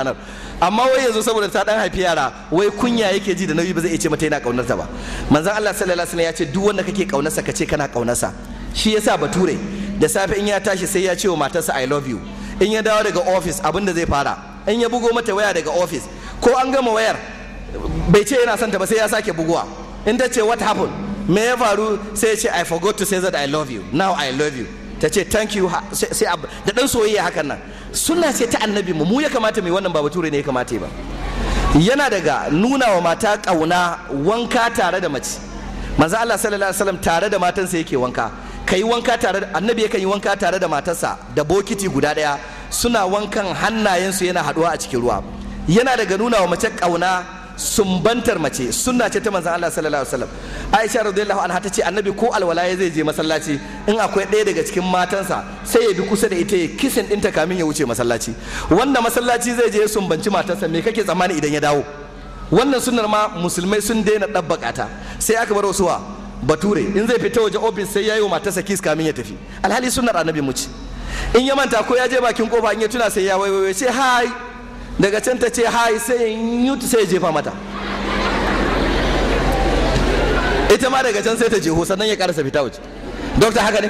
ranar amma wai yanzu saboda ta dan haifi yara wai kunya yake ji da nauyi ba zai iya ce mata yana kaunar ta ba manzon Allah sallallahu alaihi wasallam ya ce duk wanda kake kaunarsa kace kana kaunarsa shi yasa bature da safe in ya tashi sai ya ce wa matarsa i love you in ya dawo daga office abinda zai fara in ya bugo mata waya daga office ko an gama wayar bai ce yana son ta ba sai ya sake buguwa in ta ce what happened me ya faru sai ya ce i forgot to say that i love you now i love you ta ce thank you sai da dan soyayya hakan nan sunna sai ta annabi mu mu ya kamata mai wannan ba bature ne ya kamata ba yana daga nuna wa mata kauna wanka tare da mace manzo Allah sallallahu alaihi wasallam tare da matansa yake wanka kai wanka tare annabi yakan yi wanka tare da matarsa da bokiti guda daya suna wankan hannayensu yana haduwa a cikin ruwa yana daga nuna wa mace kauna sumbantar mace sunna ce ta manzon Allah sallallahu alaihi wasallam Aisha radhiyallahu anha tace annabi ko ya zai je masallaci in akwai ɗaya daga cikin matansa sai ya bi kusa da ita ya kisin ɗinta kamin ya wuce masallaci wanda masallaci zai je ya sumbanci matarsa me kake tsammani idan ya dawo wannan sunnar ma musulmai sun daina ɗabbaka ta sai aka bar wasuwa bature in zai fita waje ofis sai ya yi wa matarsa kis kamin ya tafi alhali sunnar annabi mu in ya manta ko ya je bakin kofa in ya tuna sai ya sai hai daga can ta ce hai sai yut sai jefa mata ita ma daga can sai ta jeho sannan ya karasa fita waje dokta haka ne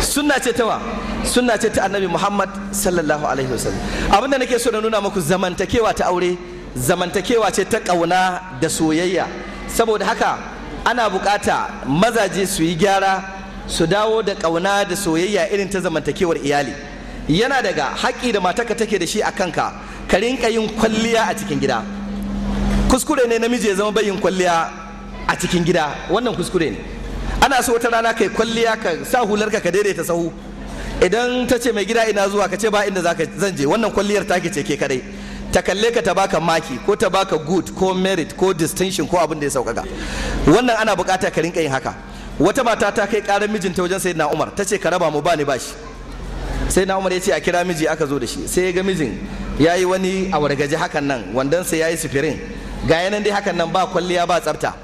suna ce ta wa sunna ce ta annabi muhammad sallallahu alaihi wasallam abinda nake so na nuna muku zamantakewa ta aure zamantakewa ce ta ƙauna da soyayya saboda haka ana bukata mazaje su yi gyara su dawo da ƙauna da soyayya irin ta zamantakewar iyali yana daga haƙƙi da matarka take da shi a kanka ka rinka yin kwalliya a cikin gida kuskure ne namiji ya zama bayin kwalliya a cikin gida wannan kuskure ne ana so wata rana kai kwalliya ka sa hularka ka daidaita sahu idan ta ce mai gida ina zuwa ka ce ba inda zaka zan je wannan kwalliyar ke ce ke kadai ta kalle ka ta baka maki ko ta baka good ko merit ko distinction ko abin da ya sauƙaƙa. wannan ana bukata ka rinka yin haka wata mata ta kai karar mijinta wajen sayyidina Umar ta ce ka raba mu ba ni bashi sai na umar ya ce a kira miji aka zo da shi sai ya ga mijin ya yi wani a wargaje hakan nan wandonsa ya yi sifirin ga yanan dai hakan nan ba kwalliya ba tsafta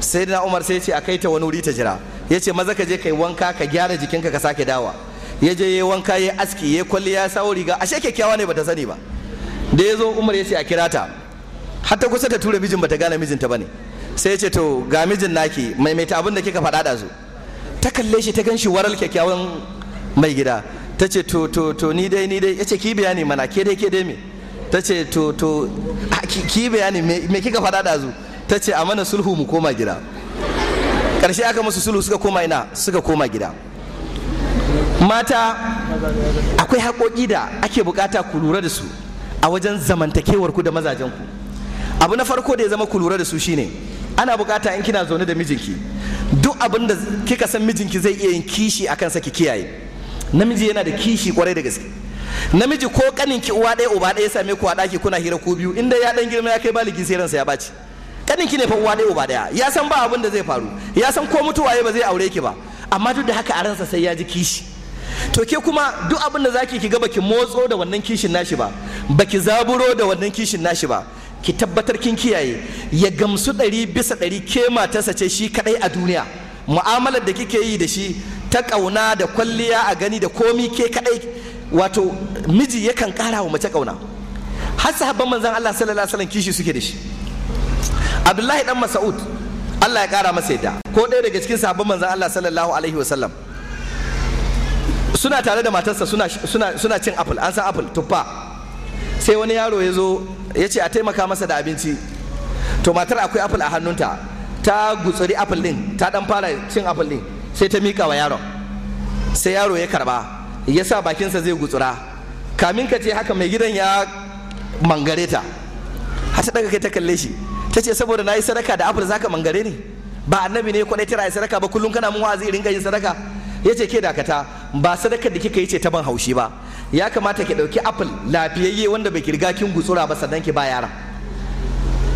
sai na umar sai ya ce a kai ta wani wuri ta jira ya ce maza ka je ka yi wanka ka gyara jikinka ka sake dawa ya je ya yi wanka ya aski ya kwalliya ya sawo riga ashe kyakkyawa ne bata sani ba da ya zo umar ya ce a kira ta hatta kusa ta tura mijin bata gane mijinta bane sai ya ce to ga mijin naki maimaita abin da kika faɗa da su ta kalle shi ta gan shi waral kyakkyawan mai gida ta ce to to to ni dai ni dai ya ce ki bayani mana ke dai ke dai me ta ce to to ki bayani me kika faɗa da zu ta ce a mana sulhu mu koma gida ƙarshe aka musu sulhu suka koma ina suka koma gida mata akwai haƙoƙi da ake bukata ku lura da su a wajen zamantakewar ku da mazajen ku abu na farko da ya zama ku lura da su shine ana bukata in kina zaune da mijinki duk abin da kika san mijinki zai iya yin kishi akan sa ki kiyaye namiji yana da kishi kwarai da gaske namiji ko kanin ki uwa ɗaya uba ɗaya same ku a ɗaki kuna hira ko biyu inda ya ɗan girma ya kai baligi sai ransa ya baci kanin ki ne fa uwa ɗaya uba ɗaya ya san ba abin da zai faru ya san ko mutuwa ba zai aure ki ba amma duk da haka a ransa sai ya ji kishi to ke kuma duk abin da zaki ki ga baki motso da wannan kishin nashi ba baki zaburo da wannan kishin nashi ba ki tabbatar kin kiyaye ya gamsu ɗari bisa ɗari ke matarsa ce shi kaɗai a duniya mu'amalar da kike yi da shi ta ƙauna da kwalliya a gani da komi ke kaɗai wato miji yakan ƙara wa mace ƙauna har sahabban manzan Allah sallallahu alaihi wasallam kishi suke da shi Abdullahi dan Mas'ud Allah ya ƙara masa yadda ko ɗaya daga cikin sahabban manzan Allah sallallahu alaihi wasallam suna tare da matarsa suna suna suna cin apple an san apple tuffa sai wani yaro ya zo ya ce a taimaka masa da abinci to matar akwai apple a hannunta ta gutsuri apple din ta dan fara cin apple din sai ta mika wa yaron sai yaro ya karba ya sa bakinsa zai gutsura kamin ka ce haka mai gidan ya mangare ta har ta daga kai ta kalle shi ta ce saboda na yi sadaka da afir zaka mangare ni ba annabi ne kwadai tira yi sadaka ba kullum kana mun wa'azi irin yin sadaka ya ce ke dakata ba sadakar da kika yi ce ta ban haushi ba ya kamata ki ɗauki apple lafiyayye wanda bai kirga kin gutsura ba sannan ki ba yaran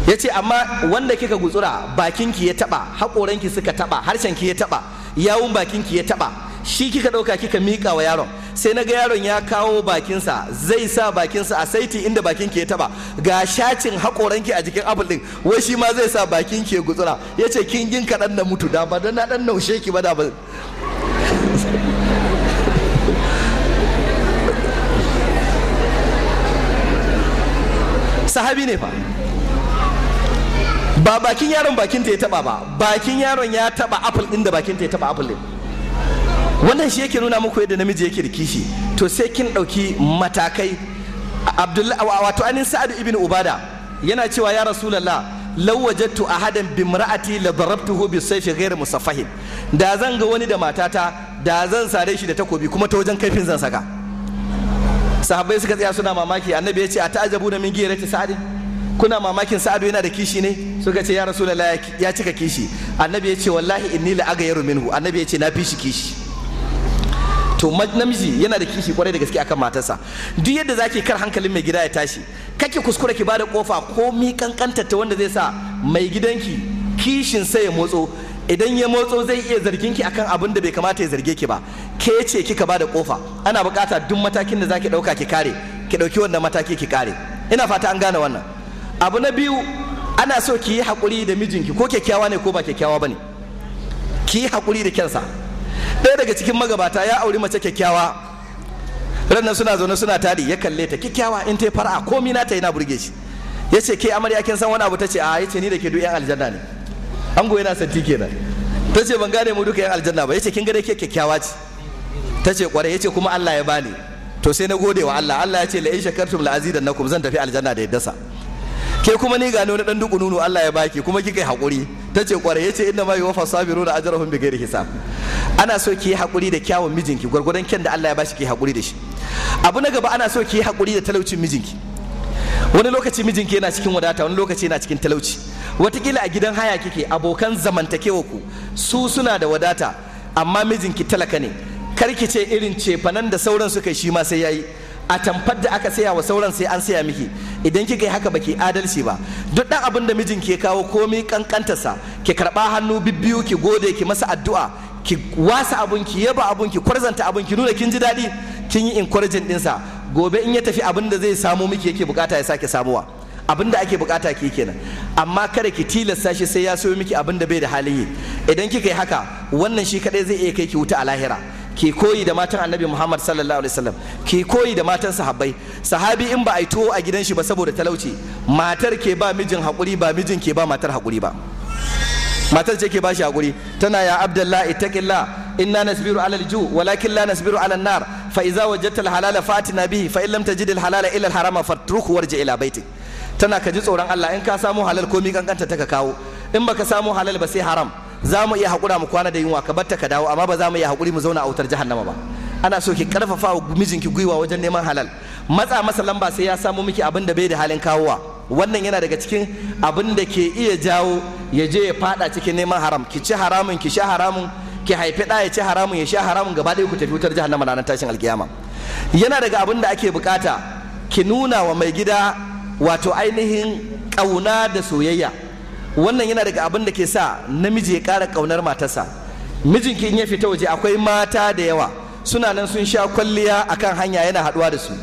ya ce amma wanda kika gutsura bakinki ya taɓa haƙoranki suka taɓa harshenki ya taɓa yawun bakinki ya taba shi kika ɗauka kika mika wa yaron sai na ga yaron ya kawo bakinsa zai sa bakinsa a saiti inda bakinki ya taba ga shacin haƙoranki a jikin apple ɗin wai shi ma zai sa bakinki ya gutsura ya ce kin yi kaɗan na mutu da ba don na ɗan naushe ki ba da ba sahabi ne fa ba bakin yaron bakin ta ya taba ba bakin yaron ya taba apple din da bakin ta ya taba apple din wannan shi yake nuna muku yadda namiji yake da kishi to sai kin dauki matakai abdullahi wato anin sa'ad ibn ubada yana cewa ya rasulullah law wajadtu ahadan bi mar'ati la darabtuhu bi sayfi ghayr musaffahin da zan ga wani da matata da zan sare shi da takobi kuma ta wajen kaifin zan saka sahabbai suka tsaya suna mamaki annabi ya ce a ta'ajabu na min giyarati sa'adin kuna mamakin sa'adu yana da kishi ne suka ce ya rasu ya cika kishi annabi ya ce wallahi in inni ya rumin minhu annabi ya ce na fi shi kishi to namiji yana da kishi kwarai da gaske akan matarsa duk yadda zaki kar hankalin mai gida ya tashi ki kuskura ki bada kofa ko mi kankanta ta wanda zai sa mai gidanki kishin sai ya motso idan ya motso zai iya zargin ki akan abin da bai kamata ya zarge ki ba ke ce kika bada kofa ana bukata duk matakin da zaki dauka ki kare ki dauki wannan mataki ki kare ina fata an gane wannan abu na biyu ana so ki yi haƙuri da mijinki ko kyakkyawa ne ko ba kyakkyawa ba ne ki yi haƙuri da kyansa ɗaya daga cikin magabata ya auri mace kyakkyawa rannan suna zaune suna tari ya kalle ta kyakkyawa in ta fara komi na ta yana burge shi ya ce ke amarya kin san wani abu ta ce a ya ce ni da ke duk yan aljanna ne ango yana santi kenan ta ce ban gane mu duka yan aljanna ba ya ce kin gane ke kyakkyawa ce ta ce kware ya ce kuma Allah ya bani to sai na gode wa Allah Allah ya ce la in shakartum la azidannakum zan tafi aljanna da yaddasa ke kuma ni gano na dan duku nunu Allah ya baki kuma kika yi hakuri tace kware yace inna ma yuwafa sabiru da ajrahum bi ghairi hisab ana so ki yi hakuri da kyawun mijinki gurgurdan kyan da Allah ya bashi ki hakuri da shi abu na gaba ana so ki yi hakuri da talaucin mijinki wani lokaci mijinki yana cikin wadata wani lokaci yana cikin talauci watakila a gidan haya kike abokan zamantakewa ku su suna da wadata amma mijinki talaka ne kar ki ce irin cefanan da sauran suka yi shi ma sai yayi a tamfar da aka saya wa sauran sai an saya miki idan kika yi haka baki adalci ba duk dan abin da mijin ke kawo komai sa ki karba hannu bibbiyu ki gode ki masa addu'a ki wasa abun ki yaba abun ki kwarzanta abun ki nuna kin ji daɗi kin yi encouraging sa, gobe in ya tafi abin da zai samu miki yake bukata ya sake samuwa abin da ake bukata ki kenan amma kada ki tilasta shi sai ya sayo miki abin da bai da halin yi idan kika yi haka wannan shi kadai zai iya kai ki wuta a lahira Ke koyi da matan annabi muhammad sallallahu alaihi wasallam Ke koyi da matan sahabbai sahabi in ba a yi tuwo a gidan shi ba saboda talauci matar ke ba mijin hakuri ba mijin ke ba matar hakuri ba matar ce ke ba shi hakuri tana ya abdullah ittaqillah inna nasbiru ala alju walakin la nasbiru ala nar fa idza wajadta alhalala fatina bihi fa in ji tajid alhalala illa alharama fatruhu warji ila baitik tana ka ji tsoron Allah in ka samu halal komi kankanta ta ka kawo in baka samu halal ba sai haram za mu iya haƙura mu kwana da yunwa ka bar ta ka dawo amma ba za mu iya haƙuri mu zauna a wutar jahannama ba ana so ki ƙarfafa wa mijinki gwiwa wajen neman halal matsa masa lamba sai ya samu miki abin da bai da halin kawowa wannan yana daga cikin abin da ke iya jawo ya je ya fada cikin neman haram ki ci haramun ki sha haramun ki haifi ɗa ya ci haramun ya sha haramun gaba ɗaya ku tafi wutar jahannama ranar tashin alkiyama yana daga abin da ake bukata ki nuna wa mai gida wato ainihin ƙauna da soyayya wannan yana daga abin da ke sa namiji ya ƙara ƙaunar matarsa mijinki in ya fita waje akwai mata da yawa suna nan sun sha kwalliya akan hanya yana haɗuwa da su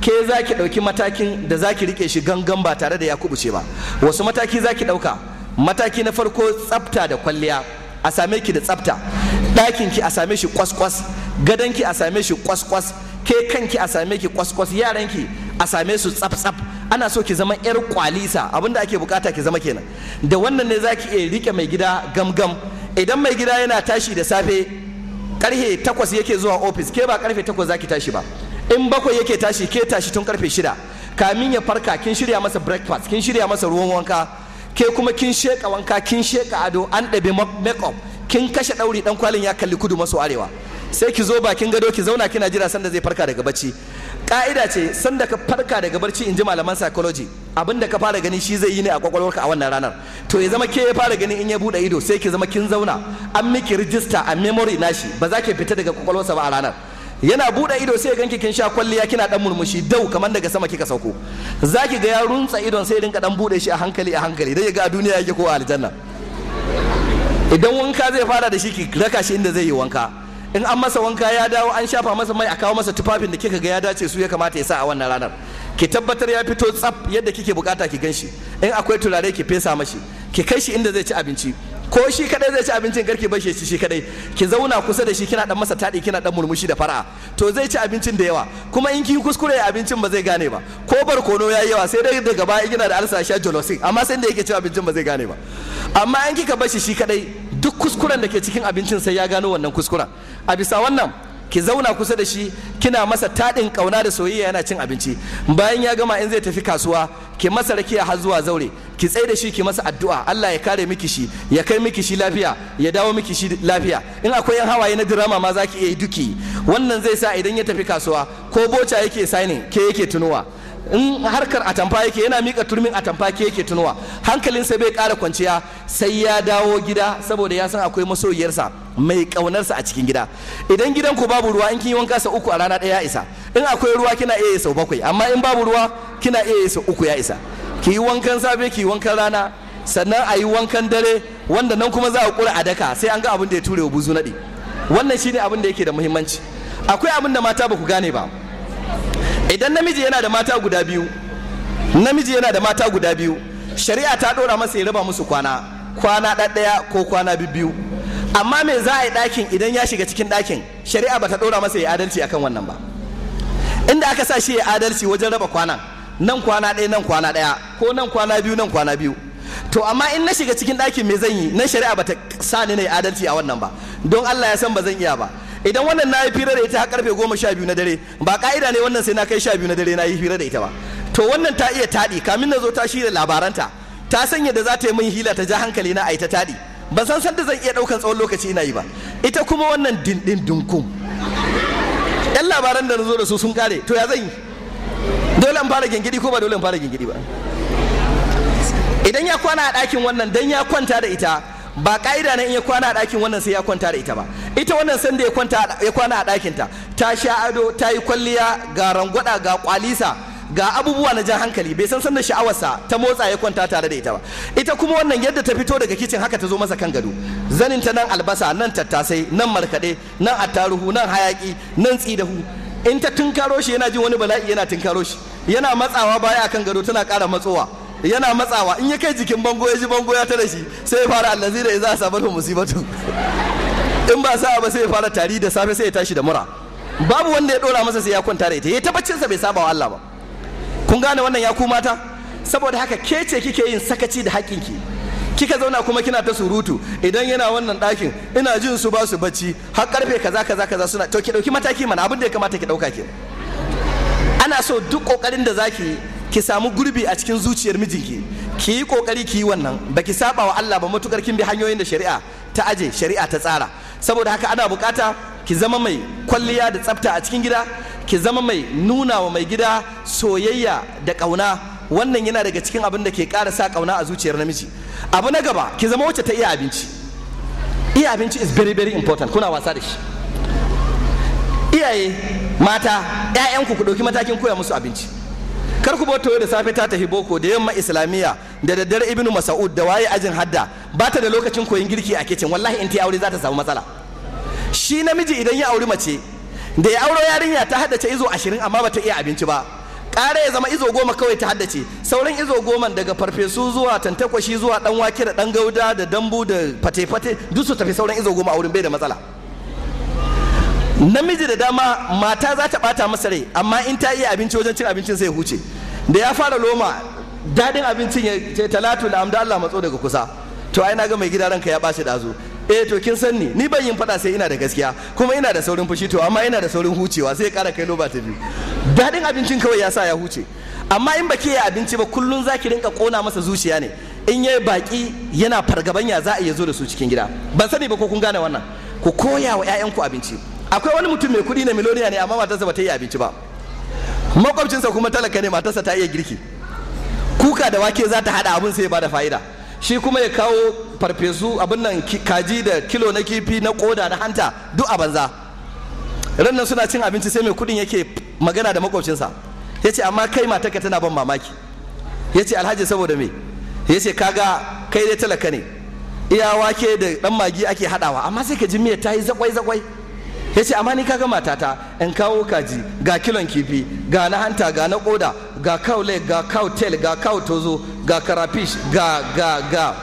ke za ki ɗauki matakin da za ki riƙe shi gangan ba tare da ya kubuce ba wasu mataki za ki ɗauka mataki na farko tsafta da kwalliya a same ki da tsafta ɗakin ki a same shi kwaskwas gadon ki a same shi kwaskwas ke kanki a same ki kwaskwas yaran ki a same su tsaf tsaf ana so ki zama yar kwalisa abinda ake bukata ki zama kenan da wannan ne zaki iya rike mai gida gamgam idan mai gida yana tashi da safe karfe takwas yake zuwa ofis ke ba karfe takwas ki tashi ba in bakwai yake tashi ke tashi tun karfe shida kamin ya farka kin shirya masa breakfast kin shirya masa ruwan wanka ke kuma kin sheka wanka kin sheka ado an ɗabe makeup kin kashe ɗauri ɗan kwalin ya kalli kudu maso arewa sai ki zo bakin gado ki zauna kina jira sanda zai farka daga bacci ka'ida ce sanda ka farka daga barci in ji malaman psychology abinda ka fara gani shi zai yi ne a kwakwalwarka a wannan ranar to ya zama ke ya fara gani in ya bude ido sai ki zama kin zauna an miki rijista a memory nashi ba za ki fita daga kwakwalwarsa ba a ranar yana bude ido sai ganki kin sha kwalliya kina dan murmushi dau kamar daga sama kika sauko zaki ga ya runtsa idon sai rinka dan bude shi a hankali a hankali dai ya ga a duniya yake ko a aljanna idan wanka zai fara da shi ki raka shi inda zai yi wanka in an masa wanka ya dawo an shafa masa mai a kawo masa tufafin da kika ga ya dace su ya kamata ya sa a wannan ranar ki tabbatar ya fito tsaf yadda kike bukata ki ganshi in akwai turare ki fesa mashi ki kai shi inda zai ci abinci ko shi kadai zai ci abincin garki bashi shi shi kadai ki zauna kusa da shi kina dan masa tadi kina dan murmushi da fara'a to zai ci abincin da yawa kuma in kin kuskure abincin ba zai gane ba ko barkono yayi yawa sai dai daga baya kina da alsa sha jolosin amma sai da yake ci abincin ba zai gane ba amma in kika bashi shi kadai duk kuskuren da ke cikin abincin sai ya gano wannan kuskuren a bisa wannan ki zauna kusa da shi kina masa taɗin ƙauna da soyayya yana cin abinci bayan ya gama in zai tafi kasuwa ki masa rakiya har zuwa zaure ki tsai da shi ki masa addu'a Allah ya kare miki shi ya kai miki shi lafiya ya dawo miki shi lafiya in akwai yan hawaye na drama ma za ki iya yi duki wannan zai sa idan ya tafi kasuwa ko boca yake sani ke yake tunuwa in harkar atamfa yake yana mika turmin atamfa ke yake tunuwa hankalinsa bai ƙara kwanciya sai ya dawo gida saboda ya san akwai masoyiyarsa mai ƙaunarsa a cikin gida idan gidan ku babu ruwa in kin yi wanka sau uku a rana ɗaya ya isa in akwai ruwa kina iya yi sau bakwai amma in babu ruwa kina iya yi sau uku ya isa ki yi wankan safe ki yi wankan rana sannan a yi wankan dare wanda nan kuma za a kura a daka sai an ga abin da ya ture wa buzu naɗi wannan shine abin da yake da muhimmanci akwai abin da mata ba ku gane ba idan namiji yana da mata guda biyu namiji yana da mata guda biyu shari'a ta ɗora masa ya raba musu kwana kwana ɗaya ko kwana biyu amma me za a yi ɗakin idan ya shiga cikin ɗakin shari'a ba ta ɗora masa ya adalci akan wannan ba inda aka sa shi ya adalci wajen raba kwanan nan kwana ɗaya nan kwana ɗaya ko nan kwana biyu nan kwana biyu to amma in na shiga cikin ɗakin me zan yi na shari'a ba ta sa ni na yi adalci a wannan ba don Allah ya san ba zan iya ba idan wannan na yi fira da ita har karfe goma sha biyu na dare ba ka'ida ne wannan sai na kai sha biyu na dare na yi fira da ita ba to wannan ta iya taɗi kamin na zo ta shirya labaranta ta sanya da za ta yi min hila ta ja hankali na a ta taɗi ban san sanda zan iya ɗaukan tsawon lokaci ina yi ba ita kuma wannan dindin dunkum yan labaran da na zo da su sun kare to ya zan yi dole in fara gingiri ko ba dole in fara gingiri ba idan ya kwana a ɗakin wannan dan ya kwanta da ita ba ka'ida na in ya kwana a ɗakin wannan sai ya kwanta da ita ba ita wannan sanda ya ya kwana a ɗakinta ta sha ado ta yi kwalliya ga rangwada ga kwalisa ga abubuwa na jan hankali bai san sanda sha'awarsa ta motsa ya kwanta tare da ita ba ita kuma wannan yadda ta fito daga kicin haka ta zo masa kan gado zanin ta nan albasa nan tattasai nan markaɗe nan attaruhu nan hayaki nan tsidahu in ta tunkaro shi yana jin wani bala'i yana tunkaro shi yana matsawa baya akan gado tana ƙara matsowa yana matsawa in ya kai jikin bango ya ji bango ya tare shi sai ya fara allazi da idza asabatu musibatu in ba sa'a ba sai ya fara tari da safe sai ya tashi da mura babu wanda ya dora masa sai ya kwanta da ita ya tabbacin sa bai saba wa Allah ba kun gane wannan ya ku mata saboda haka ke ce kike yin sakaci da hakkin ki? kika zauna kuma kina ta surutu idan yana wannan ɗakin ina jin su ba su bacci har karfe kaza kaza kaza suna to ki dauki mataki mana abin da ya kamata ki dauka ke ana so duk kokarin da zaki ki samu gurbi a cikin zuciyar mijinki ki yi kokari ki yi wannan ba ki saba wa Allah ba matukar kin bi hanyoyin da shari'a ta aje shari'a ta tsara saboda haka ana bukata ki zama mai kwalliya da tsafta a cikin gida ki zama mai nuna wa mai gida soyayya da kauna wannan yana daga cikin abin da ke ƙara sa kauna a zuciyar namiji abu na gaba ki zama wacce ta iya abinci iya abinci is very very important kuna wasa da shi iyaye mata 'ya'yanku ku ɗauki matakin koya musu abinci kar ku bauta da safe ta tafi boko da yamma islamiyya da daddare ibnu mas'ud da waye ajin hadda ba ta da lokacin koyon girki a kicin wallahi in ta aure za ta samu matsala shi namiji idan ya auri mace da ya aure yarinya ta haddace izo ashirin amma ba ta iya abinci ba kare ya zama izo goma kawai ta haddace sauran izo goma daga farfesu zuwa tantakwashi zuwa dan wake da dan gauda da dambu da fate-fate duk su tafi sauran izo goma a wurin bai da matsala namiji da dama mata za ta bata masa rai amma in ta iya abinci wajen cin abincin sai huce da ya fara loma dadin abincin ya ce talatu da amda Allah matso daga kusa to ai na ga mai gida ranka ya bashi dazu eh to kin sanni ni ni ban yin fada sai ina da gaskiya kuma ina da saurin fushi to amma ina da saurin hucewa sai kara kai loba ta biyu dadin abincin kawai ya sa ya huce amma in baki ya abinci ba kullun zaki rinka kona masa zuciya ne in yayi baki yana fargaban ya za a iya zo da su cikin gida ban sani ba ko kun gane wannan ku koya wa 'ya'yanku abinci akwai wani mutum mai kuɗi na miloniya ne amma matarsa ba ta yi abinci ba makwabcinsa kuma talaka ne matarsa ta iya girki kuka da wake za ta haɗa abin sai ya bada fa'ida shi kuma ya kawo farfesu abin nan kaji da kilo na kifi na koda na hanta duk a banza Rannan suna cin abinci sai mai kuɗin yake magana da makwabcinsa ya ce amma kai matarka tana ban mamaki ya ce alhaji saboda me ya ce kaga kai dai talaka ne iya wake da ɗan magi ake haɗawa amma sai ka ji miyar ta yi zakwai zakwai ya ce amma ni kaga matata in kawo kaji ga kilon kifi ga na hanta ga na koda ga cow leg ga cow tail ga cow tozo ga karafish ga ga ga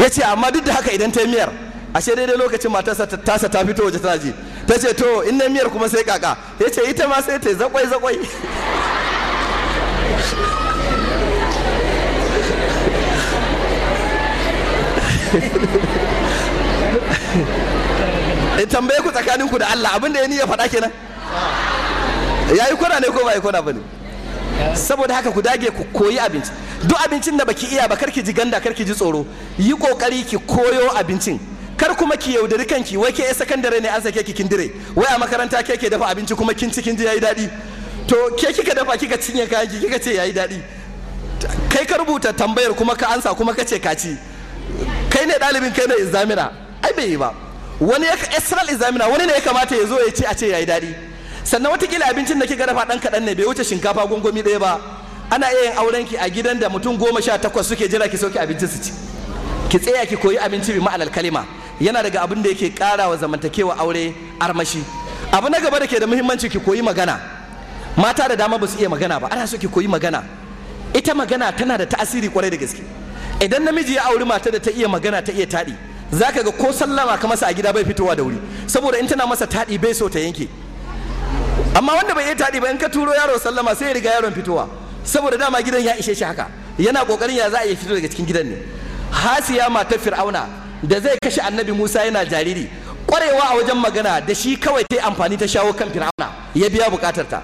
ya ce amma duk da haka idan ta yi miyar ashe daidai lokacin matarsa tasa ta fito waje tana ji ta ce to in na miyar kuma sai kaka ya ce ita ma sai ta zakwai zakwai in eh, tambaye ku tsakanin ku da Allah abin da ya niyya faɗa kenan ya yi kwana ne ko ba yi kwana ba ne saboda haka ku dage ku koyi abinci duk abincin da baki iya ba karki ji ganda karki ji tsoro yi kokari ki koyo abincin kar kuma ki yaudari kanki wai ke sakandare ne an sake ki kindire, wai a makaranta ke ke dafa abinci kuma kin ci kin ji yayi daɗi to ke kika dafa kika cinye kayan ki kika ce yayi dadi, kai ka rubuta tambayar kuma ka ansa kuma ka ce ka ci kai ne ɗalibin kai ne izamira ai bai yi ba wani esral examiner wani ne ya kamata ya zo ya ce a ce ya yi daɗi sannan watakila abincin da ke dafa ɗan kaɗan ne bai wuce shinkafa gongomi ɗaya ba ana iya yin auren ki a gidan da mutum goma sha takwas suke jira ki sauke abincin su ci ki tsaya ki koyi abinci bi ma'anar kalima yana daga abin da yake ƙara wa zamantakewa aure armashi abu na gaba da ke da muhimmanci ki koyi magana mata da dama ba su iya magana ba ana so ki koyi magana ita magana tana da ta'asiri kwarai da gaske idan namiji ya auri mata da ta iya magana ta iya taɗi za ka ga ko sallama ka masa a gida bai fitowa da wuri saboda in tana masa taɗi bai so ta yanke amma wanda bai iya taɗi ba in ka turo yaro sallama sai ya riga yaron fitowa saboda dama gidan ya ishe shi haka yana kokarin ya za a iya fito daga cikin gidan ne hasiya matar fir'auna da zai kashe annabi musa yana jariri kwarewa a wajen magana da shi kawai ta amfani ta shawo kan fir'auna ya biya bukatar ta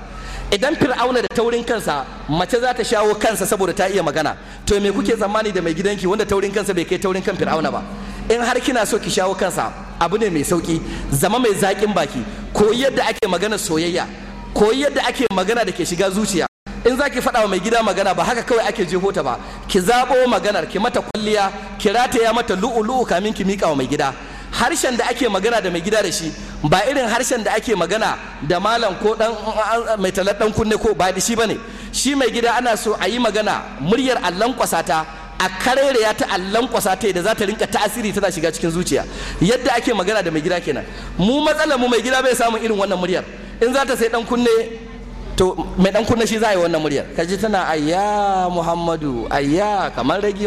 idan fir'auna da taurin kansa mace za ta shawo kansa saboda ta iya magana to me kuke tsammani da mai gidanki wanda taurin kansa bai kai taurin kan fir'auna ba in har kina so ki shawo kansa abu ne mai sauki zama mai zaƙin baki koyi yadda ake magana soyayya koyi yadda ake magana da ke shiga zuciya in za ki faɗa wa mai gida magana ba haka kawai ake jeho ta ba ki zaɓo maganar ki mata kwalliya ki rataya mata lu'u-lu'u kamin ki miƙa wa mai gida harshen da ake magana da mai gida da shi ba irin harshen da ake magana da malam ko dan mai talar dan kunne ko ba da shi bane shi mai gida ana so a yi magana muryar allan kwasata a ya ta allan kwasa ta da za ta rinka tasiri tana shiga cikin zuciya yadda ake magana da mai gida kenan mu matsalar mu mai gida bai samun irin wannan muryar in za ta sai dan kunne to mai dan kunne shi za a yi wannan muryar kaji tana ayya muhammadu ayya kamar ragi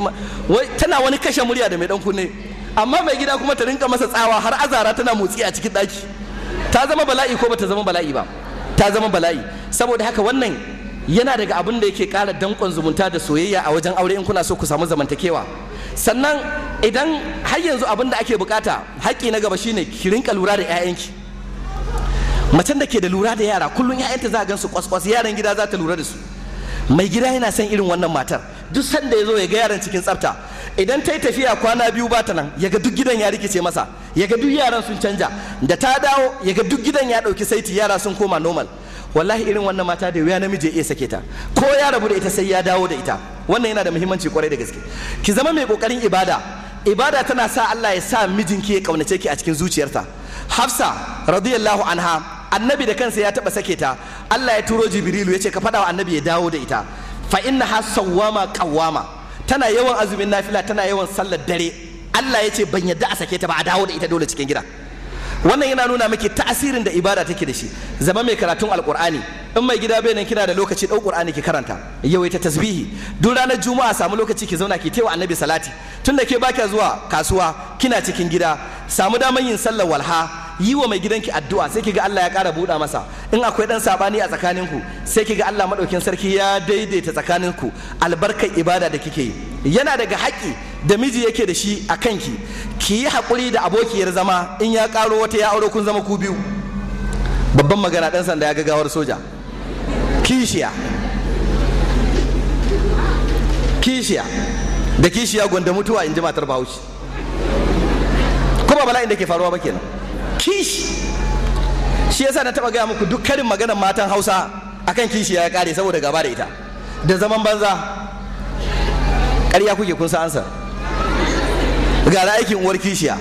wai tana wani kashe murya da mai dan kunne amma mai gida kuma ta rinka masa tsawa har azara tana motsi a cikin daki ta zama bala'i ko bata zama bala'i ba ta zama bala'i saboda haka wannan yana daga abin da yake kara dankon zumunta da soyayya a wajen aure in kuna so ku samu zamantakewa sannan idan har yanzu abin da ake bukata haƙƙi na gaba shine ki rinka lura da 'ya'yanki macen da ke da lura da yara kullum 'ya'yanta za a gansu kwaskwas yaran gida za ta lura da su mai gida yana son irin wannan matar duk sanda ya zo ya ga yaran cikin tsafta idan ta yi tafiya kwana biyu ba ta nan ya ga duk gidan ya rikice masa ya ga duk yaran sun canja da ta dawo ya ga duk gidan ya ɗauki saiti yara sun koma normal wallahi irin wannan mata da wuya namiji ya sake ta ko ya rabu da ita sai ya dawo da ita wannan yana da muhimmanci kwarai da gaske ki zama mai kokarin ibada ibada tana sa Allah ya sa mijinki ya kaunace ki a cikin zuciyarta Hafsa radiyallahu anha annabi da kansa ya taba sake ta Allah ya turo Jibrilu ya ce ka fada wa annabi ya dawo da ita fa inna sawwama qawwama tana yawan azumin nafila tana yawan sallar dare Allah ya ce ban yadda a sake ta ba a dawo da ita dole cikin gida wannan yana nuna miki ta'asirin da ibada take da shi zama mai karatun alkur'ani in mai gida bai nan kina da lokaci ɗau qur'ani ki karanta yawaita tasbihi duk ranar juma'a samu lokaci ki zauna ki taiwa annabi salati tunda ke baki zuwa kasuwa kina cikin gida samu daman yin sallar walha yi wa mai gidanki addu'a sai kiga Allah ya ƙara buɗa masa in akwai ɗan sabani a tsakaninku sai kiga Allah madaukin sarki ya daidaita tsakaninku albarkar ibada da kike yi yana daga haƙƙi da miji yake da shi a kanki ki yi haƙuri da abokiyar zama in ya ƙaro wata ya aure kun zama ku biyu babban magana ɗan sanda ya gagawar soja kishiya kishiya da kishiya gwanda mutuwa in ji matar bahaushe kuma bala'in da ke faruwa ba kenan kishi shi yasa na taɓa gaya muku duk karin maganar matan hausa akan kishiya ya ƙare saboda gaba da ita da zaman banza ƙarya kuke kun san ansa gara aikin uwar kishiya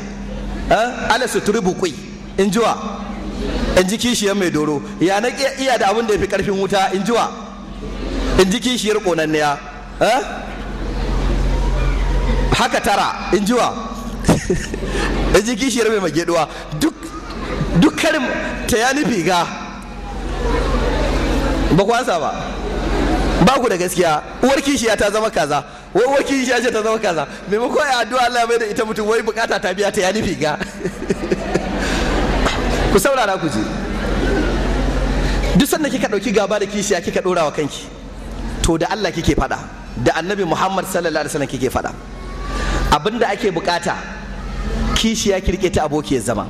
eh? ala suturi bukui in jiwa in ji kishiyar mai doro ya na iya da abin da ya fi karfin wuta in jiwa in ji kishiyar ƙonanniya eh? haka tara in jiwa in ji kishiyar mai mageduwa duk duk karin ta ya nufi ga ba ku ansa ba ba ku da gaskiya uwar kishiya ta zama kaza wai waki shi ce ta zama kaza maimako ya addu'a Allah mai da ita mutum wai bukata ta biya ta ya nufi ga ku saurara ku ji duk sanda kika dauki gaba da kishiya kika dora wa kanki to da Allah kike fada da annabi Muhammad sallallahu alaihi wasallam kike fada abinda ake bukata kishiya kirke ta abokiyar zama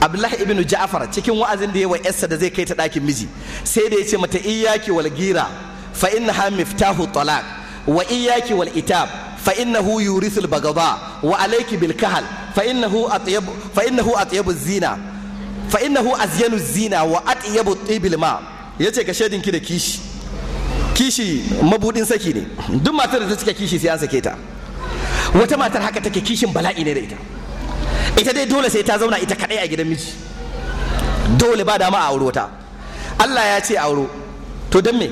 abdullahi ibn ja'far cikin wa'azin da ya wa yarsa da zai kai ta dakin miji sai da ya ce mata iyaki wal gira fa innaha miftahu talaq wa iyaki wal itab fa innahu yurisul bagaba wa alaiki bil kahal fa innahu atyab fa zina fa innahu azyanu zina wa atyabu tibil ma ce ka ki da kishi kishi mabudin saki ne duk matar da ta cika kishi sai an sake ta wata matar haka take kishin bala'i ne da ita ita dai dole sai ta zauna ita kadai a gidan miji dole ba dama a auro ta Allah ya ce auro to don me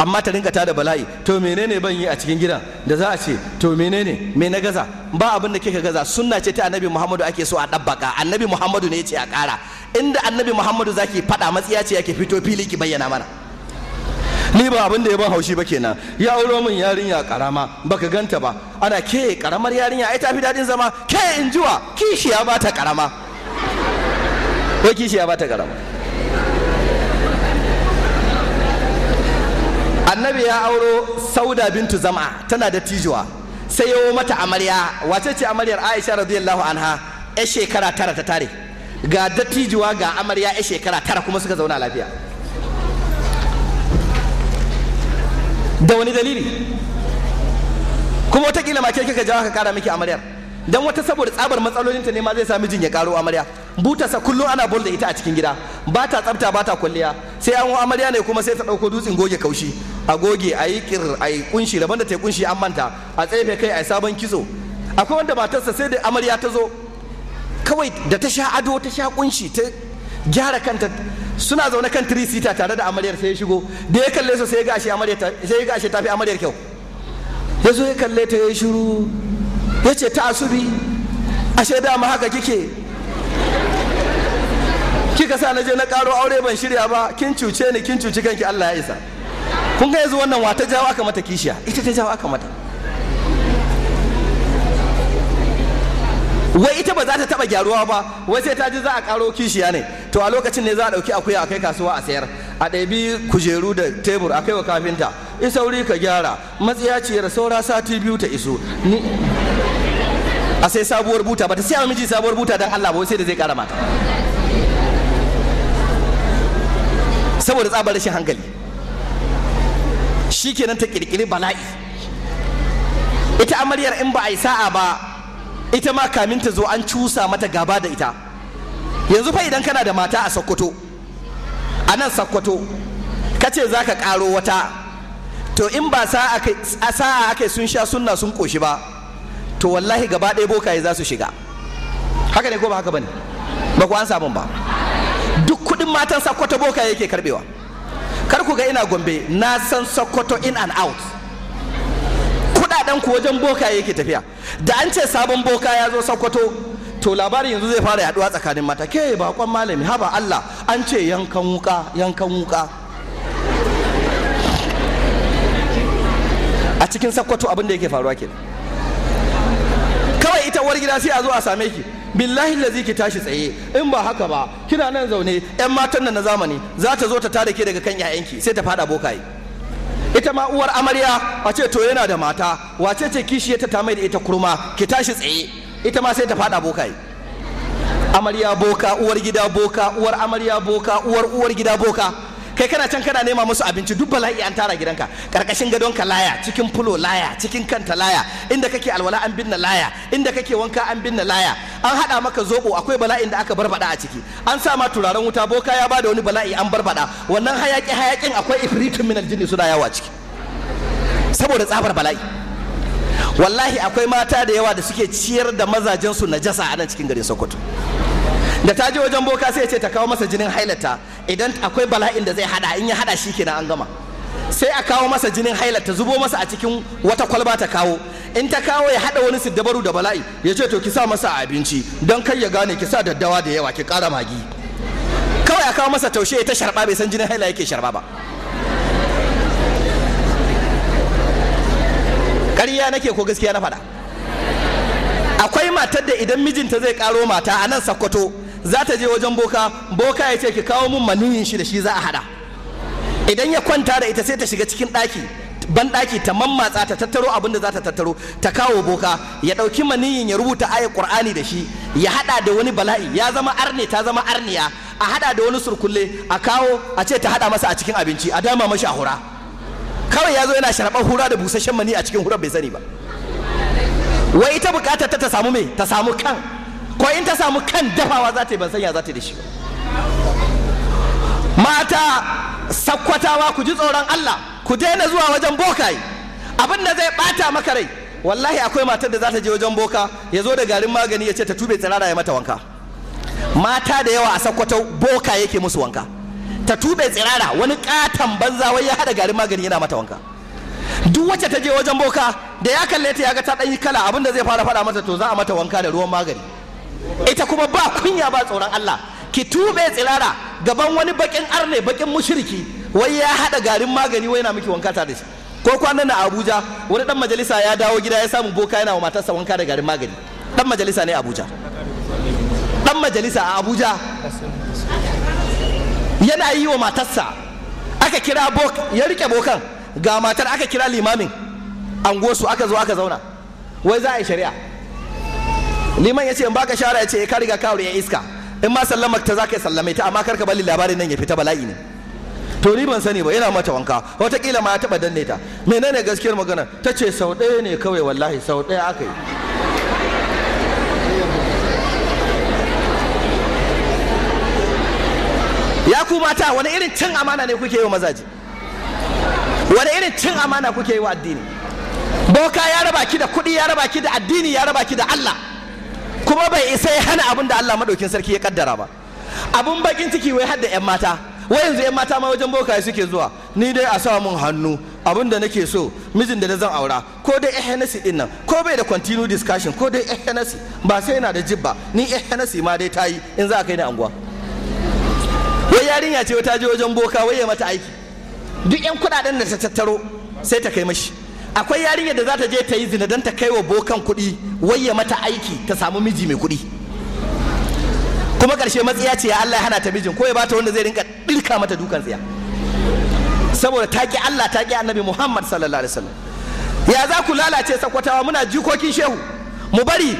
amma ta rinka tada bala'i to menene ban yi a cikin gidan da za a ce to menene me na gaza ba abin da ka gaza sunna ce ta annabi muhammadu ake so a dabbaka annabi muhammadu ne ce a kara inda annabi muhammadu zaki faɗa matsiya ce yake fito fili ki bayyana mana ni ba abin da ya ban haushi ba kenan ya auro min yarinya karama baka ganta ba ana ke karamar yarinya ai ta fi dadin zama ke injuwa kishiya ba ta karama ko kishiya ba ta karama annabi ya auro sauda bintu zama tana da tijuwa sai yawo mata amarya wace ce amaryar aisha radiyallahu anha ya shekara tara ta tare ga dattijuwa ga amarya ya shekara tara kuma suka zauna lafiya da wani dalili kuma wata kila ma kika jawa ka kara miki amaryar don wata saboda tsabar matsalolinta ne ma zai sami mijin ya karo amarya butarsa kullum ana bol da ita a cikin gida ba ta tsafta ba ta kwalliya sai an amarya ne kuma sai ta ɗauko dutsen goge kaushi a goge a yi kir a yi kunshi daban da ta yi kunshi an manta a tsefe kai a yi sabon kitso akwai wanda matarsa sai da amarya ta zo kawai da ta sha ado ta sha kunshi ta gyara kanta suna zaune kan tiri sita tare da amaryar sai ya shigo da ya kalle su sai ya gashi amaryar sai ya gashi tafi amaryar kyau ya zo ya kalle ta ya shiru ya ta asubi ashe dama haka kike kika sa na je na karo aure ban shirya ba kin cuce ni kin cuci kanki Allah ya isa kun ga yanzu wannan wata jawo aka mata kishiya ita ta jawo aka mata wai ita ba za ta taba gyaruwa ba wai sai ta ji za a karo kishiya ne to a lokacin ne za a dauki akuya a kai kasuwa a sayar a ɗabi kujeru da tebur a kai wa kafinta in sauri ka gyara matsiya ciyar saura sati biyu ta iso a sai sabuwar buta ba ta sai miji sabuwar buta don Allah ba sai da zai kara mata saboda tsabar rashin hankali shi kenan ta kirkiri bala'i ita amaryar in ba a yi sa'a ba ita ma kamin ta zo an cusa mata gaba da ita yanzu fa idan kana da mata a sokoto a nan sokoto ka ce za ka ƙaro wata to in ba sa'a aka sun sha sunna sun ƙoshi ba to wallahi gaba ɗaya bokaye za su shiga haka ne ko ba haka ba ba ku an samun ba kudin matan sakkwato boka yake karbewa kar ku ga ina gombe na san sakkwato in and out kudaden ku wajen boka yake tafiya da an ce sabon boka ya zo sakkwato to labarin yanzu zai fara yaduwa tsakanin mata ke bakon malami haba Allah an ce yankan wuka yankan wuka a cikin sakkwato abin yake faruwa ke kawai ita uwar gida sai a zo a same ki billahi lazi ki tashi tsaye in ba haka ba kina nan zaune yan matan nan na zamani za ta zo ta tare ke daga kan yayanki sai ta fada bokaye ita ma uwar amarya wace to yana da mata wace ce kishi ta mai da ita kurma ki tashi tsaye ita ma sai ta fada bokaye amarya boka uwar gida boka uwar amarya boka uwar uwar gida boka kai kana can kana nema musu abinci duk bala'i an tara gidanka karkashin gadonka laya cikin fulo laya cikin kanta laya inda kake alwala an binna laya inda kake wanka an binna laya an hada maka zobo akwai bala'in da aka barbada a ciki an sa ma turaren wuta boka ya bada wani bala'i an barbada wannan hayaki hayakin akwai ifritun min aljinni suna yawa ciki saboda tsabar bala'i wallahi akwai mata da yawa da suke ciyar da mazajen su najasa a nan cikin garin sokoto da ta je wajen boka sai ya ce ta kawo masa jinin hailata idan akwai bala'in da zai hada in ya hada shi kenan an gama sai a kawo masa jinin hailata zubo masa a cikin wata kwalba ta kawo in ta kawo ya hada wani siddabaru da bala'i ya ce to ki sa masa a abinci don kai ya gane ki sa daddawa da yawa ki kara magi kawai a kawo masa taushe ta sharba bai san jinin haila yake sharba ba ƙarya nake ko gaskiya na faɗa akwai matar da idan mijinta zai karo mata a nan sakkwato za ta je wajen boka boka ya ce ki kawo min maniyin shi da shi za a hada idan ya kwanta da ita sai ta shiga cikin ɗaki ban ɗaki ta mammatsa ta tattaro abin da za ta tattaro ta kawo boka ya ɗauki maniyin ya rubuta aya ƙur'ani da shi ya haɗa da wani bala'i ya zama arne ta zama arniya a haɗa da wani surkulle a kawo a ce ta haɗa masa a cikin abinci a dama mashi a hura kawai ya zo yana sharaɓar hura da busasshen mani a cikin hurar bai sani ba wai ita bukatar ta ta samu me ta samu kan ko in ta samu kan dafawa za ta yi ban sanya za ta da shi mata sakkwatawa ku ji tsoron Allah ku daina zuwa wajen bokaye abin da zai bata maka rai wallahi akwai matar da za ta je wajen boka ya zo da garin magani ya ce ta tube tsirara ya mata wanka mata da yawa a sakkwato boka yake musu wanka ta tube tsirara wani katon banza wai ya hada garin magani yana mata wanka duk wacce ta je wajen boka da ya kalle ta ya ga ta ɗan yi kala abin da zai fara faɗa mata to za a mata wanka da ruwan magani ita kuma ba kunya ba tsoron Allah ki tube tsirara gaban wani bakin arne bakin mushriki wai ya hada garin magani wai na miki wanka ta da shi ko kwanan na Abuja wani dan majalisa ya dawo gida ya samu boka yana wa matarsa wanka da garin magani dan majalisa ne Abuja dan majalisa a Abuja yana yi wa matarsa aka kira bok ya rike bokan ga matar aka kira limamin angosu aka zo aka zauna wai za a yi shari'a liman ya ce in baka shara ya ce eh, ka riga ka ya iska in ma sallamar ta za ka sallame ta amma karka bari labarin nan ya fita bala'i ne to ni ban sani ba yana mata wanka wataƙila ma ya taɓa danne ta menene gaskiyar magana ta ce sau ɗaya ne kawai wallahi sau ɗaya aka yi ya ku mata wani irin cin amana ne kuke yi wa mazaje wani irin cin amana kuke yi wa addini boka ya raba ki da kuɗi ya raba ki da addini ya raba ki da Allah kuma bai isa ya hana abin da Allah madaukin sarki ya kaddara ba abun bakin ciki wai hadda yan mata wai yanzu yan mata ma wajen boka suke zuwa ni dai a sa mun hannu abin da nake so mijin da na zan aura ko dai ehenasi din nan ko bai da continue discussion ko dai ehenasi ba sai yana da jibba ni ehenasi ma dai tayi in za a kai ni anguwa wai yarinya ce ta je wajen boka wai ya mata aiki duk yan kudaden da ta tattaro sai ta kai mashi akwai yarinyar da za ta je ta yi zina don ta kai wa bokan kuɗi wayya mata aiki ta samu miji mai kuɗi kuma ƙarshe matsiya ce ya Allah ya hana ta mijin ko ya bata wanda zai rinka ɗirka mata dukan tsiya saboda ta ki Allah ta ki annabi Muhammad sallallahu alaihi wasallam ya za ku lalace sakwatawa muna jikokin shehu mu bari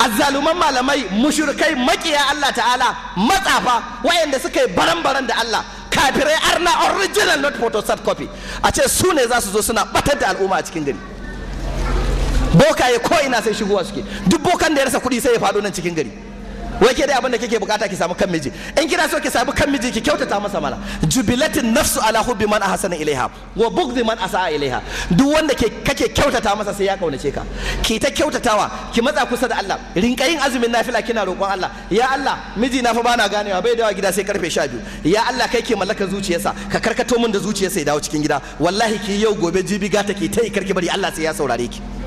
azzaluman malamai mushrikai makiya Allah ta'ala matsafa wayanda suka yi baran-baran da Allah kafirai arna original not photostat copy a ce su ne za su zo suna batar da al'umma a cikin gari ya ko ina sai shigowa suke duk bokan da ya rasa kuɗi sai ya faɗo nan cikin gari wai ke dai abin da kike bukata ki samu kan miji in kina so ki samu kan miji ki kyautata masa mana jubilatin nafsu ala hubbi man ahsana ilaiha wa bughdhi man asaa ilaiha duk wanda ke kake kyautata masa sai ya kaunace ka ki ta kyautatawa ki matsa kusa da Allah rinka yin azumin nafila kina roƙon Allah ya Allah miji na fa bana ganewa bai dawo gida sai karfe 12 ya Allah kai ke mallaka zuciyarsa ka karkato min da zuciyarsa ya dawo cikin gida wallahi ki yau gobe jibi gata ki ta yi karki bari Allah sai ya saurare ki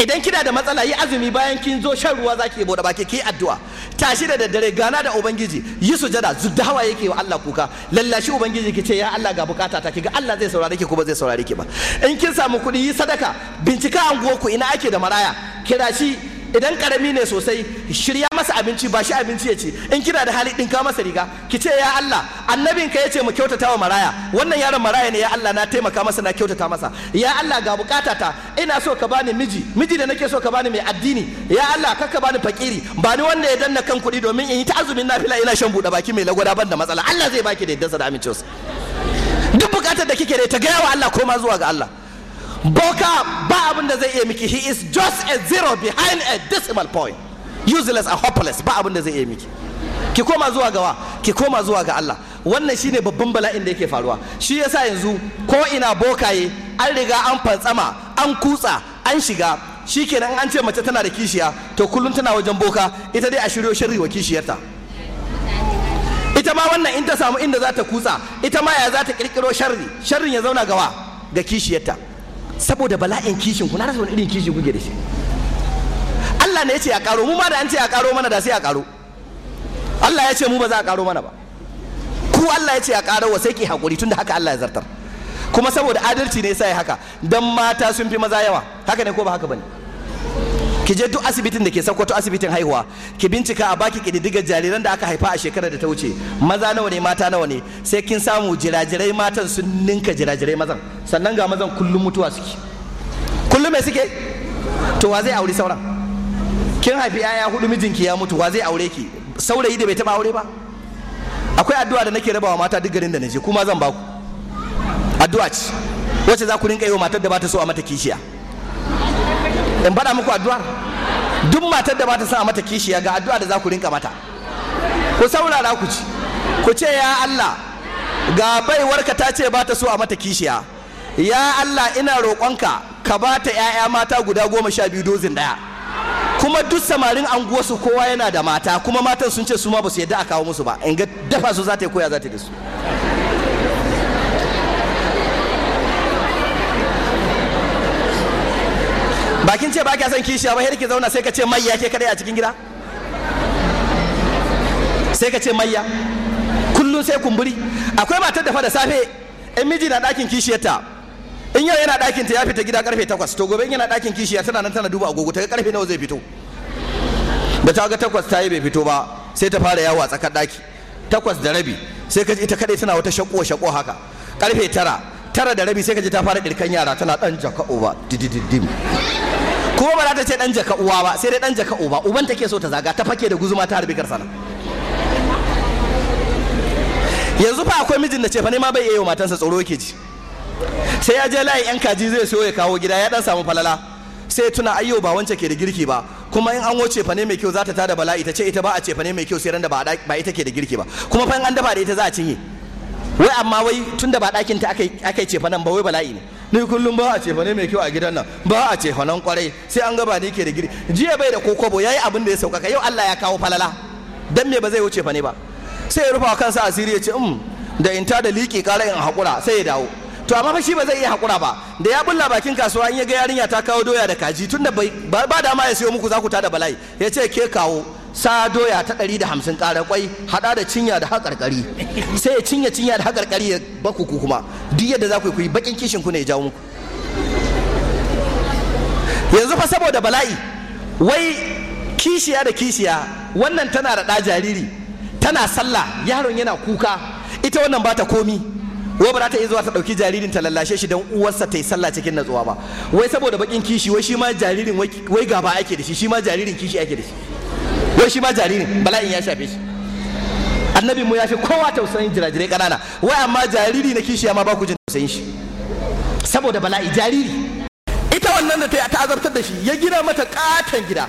idan kina da matsala yi azumi bayan kin zo shan ruwa za zaki bude baki ki addu'a tashi da daddare gana da ubangiji yi sujada zudda hawa yake wa Allah kuka lallashi ubangiji ki ce ya Allah ga bukata ki ga Allah zai saurare ki kuma zai saurare ki ba in kin samu kudi yi sadaka bincika anguwarku ina ake da maraya kira shi idan karami ne sosai shirya masa abinci ba shi abinci ya ce, in kina da hali ɗinka masa riga ki ce ya Allah annabin ka ya ce mu kyautata wa maraya wannan yaron maraya ne ya Allah na taimaka masa na kyautata masa ya Allah ga bukata ta ina so ka bani miji miji da nake so ka bani mai addini ya Allah kar ka bani fakiri ba ni wanda ya danna kan kuɗi domin in yi ta azumin nafila ina shan buɗe baki mai lagwada ban da matsala Allah zai baki da yaddansa da amincinsa duk bukatar da kike da ta gaya wa Allah ma zuwa ga Allah boka ba abin da zai iya miki he is just a zero behind a decimal point useless and hopeless ba abin da zai iya miki ki koma zuwa gawa ki koma zuwa ga Allah wannan shine babban bala'in da yake faruwa shi yasa yanzu ko ina bokaye an riga an fantsama an kutsa an shiga shikenan an ce mace tana da kishiya to kullum tana wajen boka ita dai a shiryo sharri wa kishiyarta ita ma wannan in ta samu inda za ta kutsa ita ma ya za ta kirkiro sharri sharrin ya zauna gawa ga kishiyarta saboda bala'in kishin ku na rasa wani irin kishin kuke da shi Allah ne ya ce a karo mu ma da an ce a karo mana da sai a karo Allah ya ce mu ba za a karo mana ba ku Allah ya ce a karo wa sai ki hakuri tunda haka Allah ya zartar kuma saboda adalci ne sai haka dan mata sun fi maza yawa haka ne ko ba haka bane ki je duk asibitin da ke sakkwato asibitin haihuwa ki bincika a baki kididdigar jariran da aka haifa a shekarar da ta wuce maza nawa ne mata nawa ne sai kin samu jirajirai matan sun ninka jirajirai mazan sannan ga mazan kullum mutuwa suke kullum me suke to wa zai aure sauran kin haifi yaya hudu mijinki ya mutu wa zai aure ki saurayi da bai taba aure ba akwai addu'a da nake rabawa mata duk garin da naje kuma zan baku addu'a ce wacce za ku rinka yi wa matar da ba ta so a mata kishiya in faɗa muku addu'ar duk matar da ba ta sa mata kishiya ga addu'a da za ku rinka mata ku saurara ku ci ku ce ya Allah ga baiwarka ta ce ba ta so a mata kishiya ya Allah ina roƙonka ka ba ta 'ya'ya mata guda goma sha biyu dozin ɗaya kuma duk samarin anguwarsu kowa yana da mata kuma matan sun ce su ma ba su yadda a kawo musu ba in ga dafa su za ta yi koya za ta da su bakin ce ba kya son kishiya ba ke zauna sai ka ce mayya ke kadai a cikin gida sai ka ce mayya kullum sai kumburi akwai matar da fa da safe in miji na ɗakin kishiyarta in yau yana ɗakin ta ya fita gida karfe takwas to gobe yana ɗakin kishiya tana nan tana duba agogo ta ga karfe nawa zai fito da ta ga takwas ta yi bai fito ba sai ta fara yawo a tsakar ɗaki takwas da rabi sai ka ita kadai tana wata shaƙo shaƙo haka karfe tara tara da rabi sai ka ji ta fara ɗirkan yara tana ɗan jaka uba dididdim kuma ba za ta ce ɗan jaka uwa ba sai dai ɗan jaka uba uban take so ta zaga ta fake da guzuma ta harbi karsana yanzu fa akwai mijin da ce fa ma bai iya yi wa matansa tsoro yake ji sai ya je layi yan kaji zai siyo ya kawo gida ya dan samu falala sai tuna ayyo ba wance ke da girki ba kuma in an wuce fa ne mai kyau za ta tada bala'i ta ce ita ba a ce mai kyau sai ran ba ita ke da girki ba kuma fa in an dafa da ita za a cinye wai amma wai tun da ba ɗakin ta aka ce fa nan ba wai bala'i ne ni kullum ba a ce fa ne mai kyau a gidan nan ba a ce nan kwarai sai an gaba ni ke da gidi jiya bai da kokobo yayi abin da ya saukaka yau Allah ya kawo falala dan me ba zai wuce fa ne ba sai ya rufa kansa asiri ya ce um da in ta da liki kara in hakura sai ya dawo to amma fa shi ba zai iya hakura ba da ya bulla bakin kasuwa in ya ga yarinya ta kawo doya da kaji tunda ba da ma ya siyo muku za ku tada bala'i ya ce ke kawo sa doya ta ɗari da hamsin ƙara kwai haɗa da cinya da haƙarƙari sai ya cinya cinya da haƙarƙari ya baku ku kuma duk yadda za ku yi bakin kishin ku ne ya jawo muku yanzu fa saboda bala'i wai kishiya da kishiya wannan tana da ɗa jariri tana sallah yaron yana kuka ita wannan ba ta komi wai ba za ta iya zuwa ta ɗauki jaririn ta lallashe shi don uwarsa ta yi sallah cikin natsuwa ba wai saboda bakin kishi wai shi ma jaririn wai gaba ake da shi shi ma jaririn kishi ake da shi wai shi ma jaririn bala'in ya shafe shi annabi mu ya fi kowa tausayin jirajirai kanana wai amma jariri na kishiya ma ba ku jin tausayin shi saboda bala'i jariri ita wannan da ta azabtar da shi ya gina mata katon gida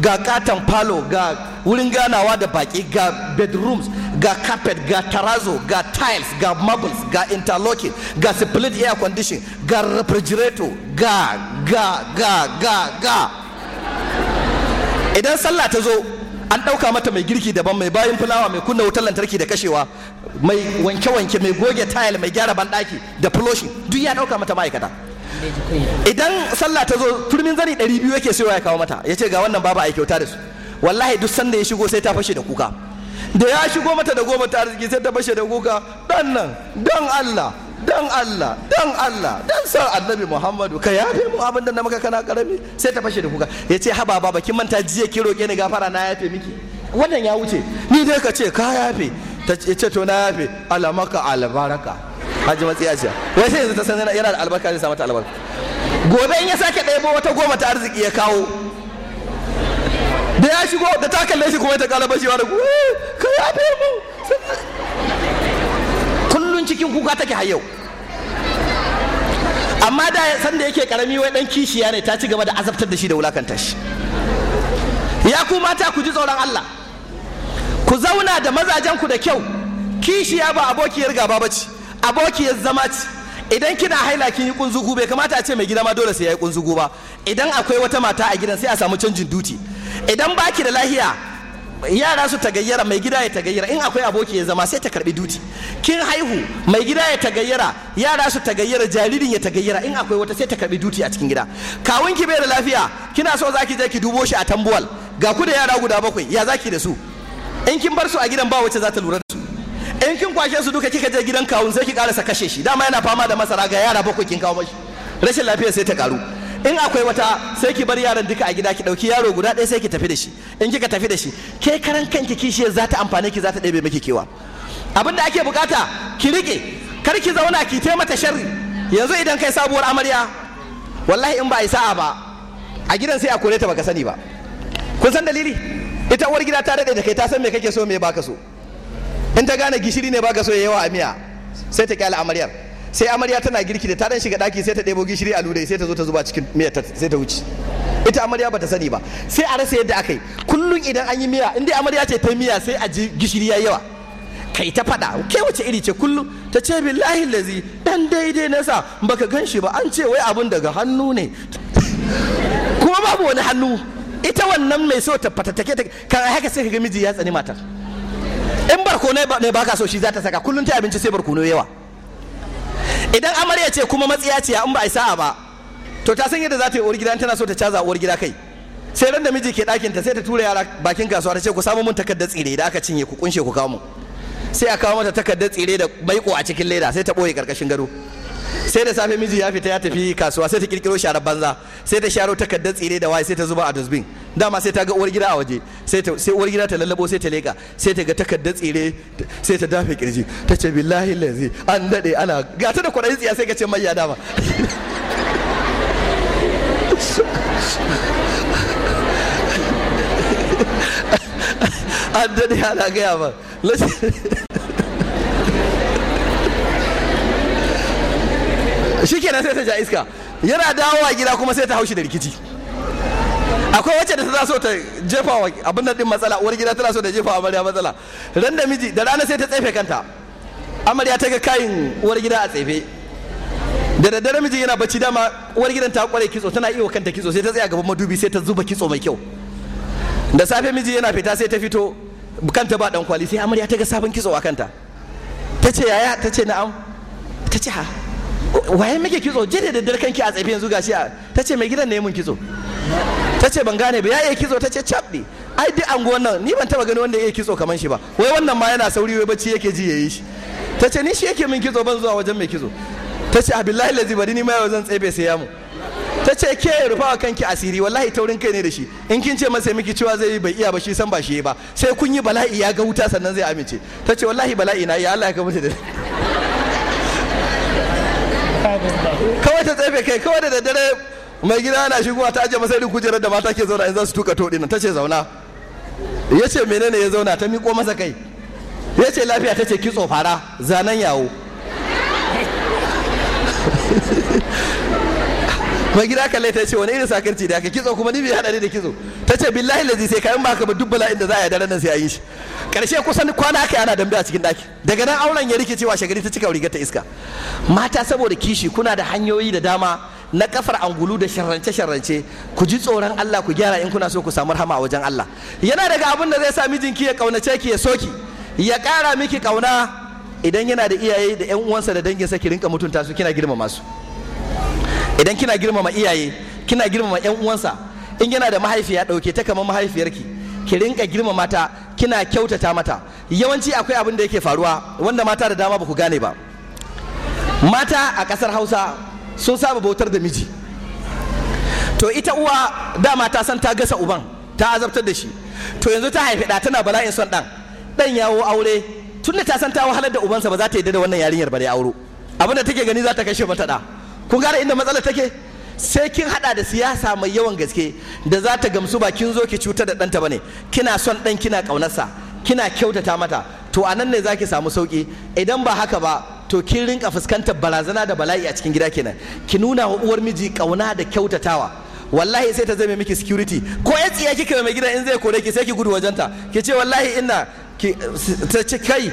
ga katon falo ga wurin ganawa da baki ga bedrooms ga carpet ga tarazo ga tiles ga marbles ga interlocking ga split air condition ga refrigerator ga ga ga ga ga idan sallah ta zo an ɗauka mata mai girki daban mai bayan fulawa mai kunna wutar lantarki da kashewa mai wanke-wanke mai goge tayal mai gyara banɗaki da fuloshi duk ya ɗauka mata ma'aikata idan sallah ta zo turmin zani ɗari biyu yake sai ya kawo mata ya ce ga wannan babu a kyauta da su wallahi duk sanda ya shigo sai ta fashe da kuka da ya shigo mata da goma ta arziki sai ta fashe da kuka dan nan dan Allah dan Allah dan Allah dan san annabi Muhammadu ka yafe mu abin da na maka kana karami sai ta fashe da kuka ya ce haba baba kin manta jiya ki roke ni gafara na yafe miki wannan ya wuce ni dai ka ce ka yafe ta ce to na yafe alamaka albaraka haji matsi a ciya wai sai yanzu ta san yana da albarka zai samu ta albarka gobe in ya sake ɗebo wata goma ta arziki ya kawo da ya shigo da ta kalle shi kuma ta kala wa da ku ka yafe mu cikin kuka take har yau amma da sanda yake karami wai dan kishiya ne ta ci gaba da azabtar da shi da wulakanta shi ya ku mata ku ji tsoron Allah ku zauna da mazajen ku da kyau kishiya ba abokiyar gaba ba ce abokiyar zama ce idan kina haila kin yi kunzugu bai kamata a ce mai gida ma dole sai yayi kunzugu ba idan akwai wata mata a gidan sai a samu canjin duti idan baki da lahiya yara su tagayyara mai gida ya tagayyara in akwai aboki ya zama sai ta karbi duti kin haihu mai gida ya tagayyara yara su tagayyara jaririn ya tagayyara in akwai wata sai ta karbi duti a cikin gida kawun ki bai da lafiya kina so zaki je ki dubo shi a tambuwal ga ku da yara guda bakwai ya zaki da su in kin bar su a gidan ba wacce za ta lura da su in kin kwashe su duka kika je gidan kawun sai ki karasa kashe shi dama yana fama da masara ga yara bakwai kin kawo mashi rashin lafiya sai ta karu in akwai wata sai ki bar yaran duka a gida ki dauki yaro guda ɗaya sai ki tafi da shi in kika tafi da shi ke karan kanki kishiyar za ta amfane ki za ta ɗebe miki kewa abin da ake bukata ki rike kar ki zauna ki taimata sharri yanzu idan kai sabuwar amarya wallahi in ba a yi sa'a ba a gidan sai a kore ta baka sani ba kun san dalili ita uwar gida ta daɗe da kai ta san me kake so me baka so in ta gane gishiri ne baka so ya yawa a miya sai ta kyale amaryar sai amarya tana girki da ta dan shiga daki sai ta ɗebo gishiri a lura sai ta zo ta zuba cikin miyar sai ta wuce ita amarya bata sani ba sai a rasa yadda aka yi kullum idan an yi miya in dai amarya ce ta miya sai a ji gishiri ya yawa kai ta fada ke wace iri ce kullum ta ce billahi lazi dan daidai na sa baka gan shi ba an ce wai abun daga hannu ne kuma babu wani hannu ita wannan mai so ta fata ta ka haka sai ka ga miji ya tsani matar in barkono ne baka so shi za ta saka kullum ta abinci sai barkono yawa idan amarya ce kuma matsiya ce in ba a sa'a ba to ta san yadda za ta yi uwar gida tana so ta caza uwar gida kai sai ran da miji ke ɗakin ta sai ta tura yara bakin kasuwa ta ce ku samu mun takardar tsire da aka cinye ku kunshe ku kawo mu sai a kawo mata takardar tsire da maiko a cikin leda sai ta ɓoye ƙarƙashin gado sai da safe miji ya fita ya tafi kasuwa sai ta kirkiro sharar banza sai ta sharo takardar tsire da waye sai ta zuba a dusbin dama sai ta ga uwar gida a waje sai ta sai uwar gida ta lallabo sai ta leka sai ta ga takardar tsire sai ta dafe kirji ta ce billahi lazi an dade ana gata da kwarai tsiya sai ka ce mayya dama an dade ana gaya ba shikenan sai ta ja iska yana dawowa gida kuma sai ta haushi da rikici akwai wacce da ta so ta jefa wa abin da din matsala uwar gida tana so ta jefa amarya matsala ran da miji da rana sai ta tsefe kanta amarya ta ga kayan uwar gida a tsefe da daddare miji yana bacci dama uwar gidan ta kware kitso tana iya kanta kitso sai ta tsaya gaban madubi sai ta zuba kitso mai kyau da safe miji yana fita sai ta fito kanta ba dan kwali sai amarya ta ga sabon kitso a kanta ta ce yaya ta ce na'am ta ce ha waye muke kitso je da daddare kanki a tsaye yanzu gashi a ta ce mai gidan ne mun kitso ta ce ban gane ba ya iya kitso ta ce ne. ai duk an wannan ni ban taba gani wanda ya iya kitso kaman shi ba wai wannan ma yana sauri wai bacci yake ji yayi shi ta ce ni shi yake min kitso ban zuwa wajen mai kitso ta ce abillahi lazi bari ni ma yau zan tsebe sai yamu ta ce ke wa kanki asiri wallahi taurin kai ne da shi in kin ce masa miki cewa zai yi bai iya ba shi san ba shi ba sai kun yi bala'i ya ga wuta sannan zai amince ta ce wallahi bala'i na ya Allah ya ka da kawai ta tsefe kai kawai da daddare mai gida yana shigowa ta ajiye masa irin kujerar da mata ke zauna in za su tuka toɗi nan ta ce zauna ya ce menene ya zauna ta miƙo masa kai ya ce lafiya ta ce kitso fara zanen yawo mai gida kalle ta ce wani irin sakarci da aka kitso kuma ni bai hada da kitso ta ce billahi lazi sai kayan baka ba dubbala inda za a yi daren nan sai a yi shi karshe kusan kwana aka ana dambe a cikin daki daga nan auren ya rike cewa shagari ta cika rigar ta iska mata saboda kishi kuna da hanyoyi da dama na kafar angulu da sharrance sharrance ku ji tsoron Allah ku gyara in kuna so ku samu rahama a wajen Allah yana daga abin da zai sa mijinki ya kaunace ki ya soki ya kara miki kauna idan yana da iyaye da yan uwansa da danginsa ki rinka mutunta su kina girmama su idan kina girmama iyaye kina girmama yan uwansa in yana da mahaifiya ɗauke ta kamar mahaifiyarki ki rinka girmama ta kina kyautata mata yawanci akwai abin da yake faruwa wanda mata da dama baku gane ba mata a kasar hausa sun saba bautar da miji to ita uwa dama ta san ta gasa uban ta azabtar da shi to yanzu ta haifi ɗa tana bala'in son ɗan ɗan yawo aure tunda ta san ta wahalar da ubansa ba za ta yi da wannan yarinyar ba da auro abin da take gani za ta kashe mata ɗa kun gane inda matsalar take sai kin hada da siyasa mai yawan gaske da za ta gamsu ba kin zo ki cutar da danta bane kina son dan kina kaunarsa kina kyautata mata to a nan ne zaki samu sauki idan ba haka ba to kin rinka fuskantar barazana da bala'i a cikin gida kenan ki nuna wa uwar miji kauna da kyautatawa wallahi sai ta zame miki security ko ya tsiya kika mai gida in zai kore ki sai ki gudu wajenta ki ce wallahi ina ta ci kai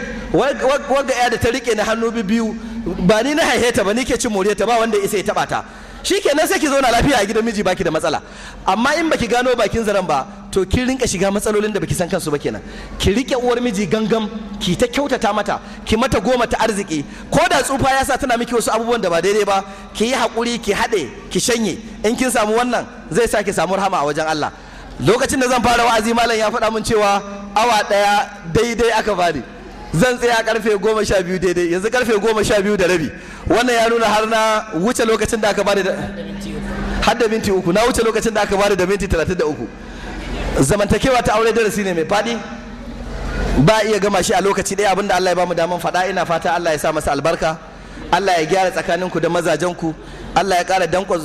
wagga ya da ta rike ni hannu biyu ba ni na haihe ta ba ni ke cin moriya ta ba wanda isa ya taba ta shi shikenan sai ki zauna lafiya a gidan miji baki da matsala amma in baki gano bakin zaren ba to kin rinka shiga matsalolin da baki san kansu ba kenan ki rike uwar miji gangan ki ta kyautata mata ki mata goma ta arziki ko da tsufa ya tana miki wasu abubuwan da ba daidai ba ki yi hakuri ki haɗe ki shanye in kin samu wannan zai sa ki samu rahama a wajen Allah lokacin da zan fara wa'azi malam ya faɗa min cewa awa ɗaya daidai aka bani zan tsaya karfe goma sha biyu daidai yanzu karfe goma sha biyu da rabi wannan ya nuna har na wuce lokacin da aka bada da har da minti uku na wuce lokacin da aka bada da minti talatin da uku zamantakewa ta aure darasi ne mai faɗi ba iya gama shi a lokaci ɗaya abinda Allah ya bamu daman faɗa ina fata Allah ya sa masa albarka Allah ya gyara tsakaninku da mazajenku Allah ya ƙara danƙon